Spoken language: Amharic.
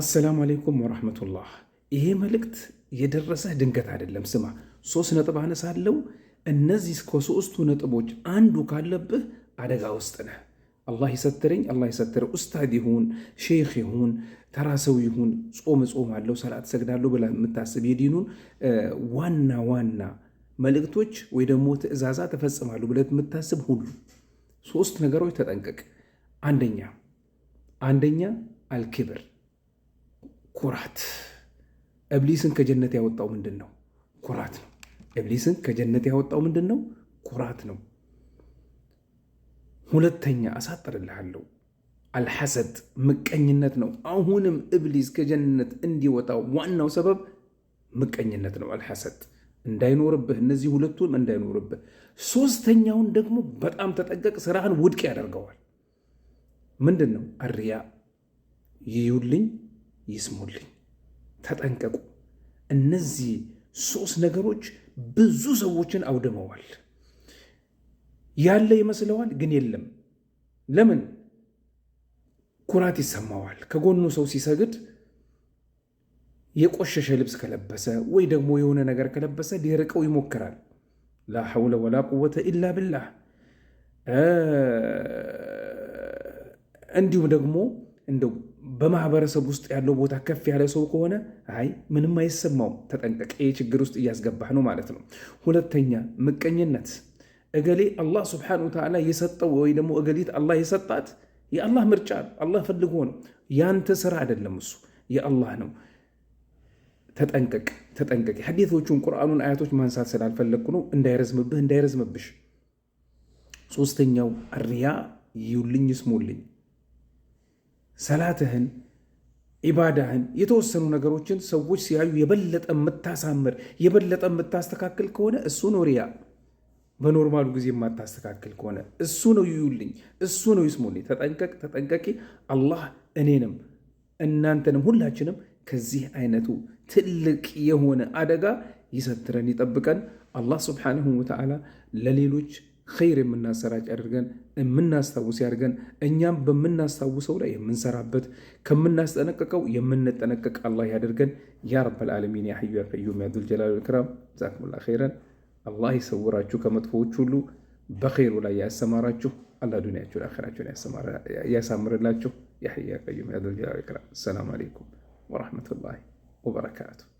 አሰላሙ አለይኩም ወራህመቱላህ። ይሄ መልእክት የደረሰህ ድንገት አይደለም። ስማ፣ ሶስት ነጥብ አነሳለው። እነዚህ ከሶስቱ ነጥቦች አንዱ ካለብህ አደጋ ውስጥ ነህ። አላህ ይሰትረኝ፣ አላህ ይሰትረ። ኡስታድ ይሁን ሼክ ይሁን ተራ ሰው ይሁን ጾም ጾም አለው ሰላት ሰግዳለሁ ብላ የምታስብ የዲኑን ዋና ዋና መልእክቶች ወይ ደግሞ ትእዛዛ ተፈጽማሉ ብለ የምታስብ ሁሉ ሶስት ነገሮች ተጠንቀቅ። አንደኛ አንደኛ አልክብር ኩራት። እብሊስን ከጀነት ያወጣው ምንድን ነው? ኩራት ነው። እብሊስን ከጀነት ያወጣው ምንድን ነው? ኩራት ነው። ሁለተኛ አሳጥርልሃለሁ፣ አልሐሰድ ምቀኝነት ነው። አሁንም እብሊስ ከጀነት እንዲወጣው ዋናው ሰበብ ምቀኝነት ነው። አልሐሰድ እንዳይኖርብህ፣ እነዚህ ሁለቱም እንዳይኖርብህ። ሶስተኛውን ደግሞ በጣም ተጠንቀቅ፣ ስራህን ውድቅ ያደርገዋል። ምንድን ነው? አርያ ይዩልኝ ይስሙልኝ፣ ተጠንቀቁ። እነዚህ ሶስት ነገሮች ብዙ ሰዎችን አውድመዋል። ያለ ይመስለዋል፣ ግን የለም። ለምን? ኩራት ይሰማዋል። ከጎኑ ሰው ሲሰግድ የቆሸሸ ልብስ ከለበሰ ወይ ደግሞ የሆነ ነገር ከለበሰ ሊርቀው ይሞክራል። ላ ሐውለ ወላ ቁወተ ኢላ ብላህ። እንዲሁም ደግሞ እንደው በማህበረሰብ ውስጥ ያለው ቦታ ከፍ ያለ ሰው ከሆነ አይ ምንም አይሰማውም፣ ተጠንቀቅ፣ ይህ ችግር ውስጥ እያስገባህ ነው ማለት ነው። ሁለተኛ ምቀኝነት፣ እገሌ አላህ ስብሓነሁ ወተዓላ የሰጠው ወይ ደግሞ እገሊት አላህ የሰጣት የአላህ ምርጫ አላህ ፈልጎ ነው። ያንተ ስራ አይደለም፣ እሱ የአላህ ነው። ተጠንቀቅ ተጠንቀቅ። ሐዲቶቹን ቁርአኑን አያቶች ማንሳት ስላልፈለግኩ ነው፣ እንዳይረዝምብህ እንዳይረዝምብሽ። ሶስተኛው ሪያ ይውልኝ ይስሙልኝ ሰላትህን ኢባዳህን የተወሰኑ ነገሮችን ሰዎች ሲያዩ የበለጠ የምታሳምር የበለጠ የምታስተካክል ከሆነ እሱ ነው ሪያ። በኖርማሉ ጊዜ የማታስተካክል ከሆነ እሱ ነው ይዩልኝ፣ እሱ ነው ይስሙልኝ። ተጠንቀቅ፣ ተጠንቀቂ። አላህ እኔንም እናንተንም ሁላችንም ከዚህ አይነቱ ትልቅ የሆነ አደጋ ይሰትረን፣ ይጠብቀን። አላህ ስብሓነሁ ወተዓላ ለሌሎች ኸይር የምናሰራጭ አድርገን የምናስታውስ ያድርገን። እኛም በምናስታውሰው ላይ የምንሰራበት ከምናስጠነቀቀው የምንጠነቀቅ አላህ ያድርገን። ያ ረበል ዓለሚን ያ ሐዩ ያ ቀዩም ያ ዙል ወልኢክራም ጀዛኩሙላህ ኸይረን። አላህ ይሰውራችሁ ከመጥፎዎች ሁሉ በኸይሩ ላይ ያሰማራችሁ። አላህ ዱንያችሁን አኺራችሁን ያሳምርላችሁ። ያ ሐዩ ያ ቀዩም ያ ዙል ወልኢክራም። ሰላም አለይኩም ወረሕመቱላሂ ወበረካቱ።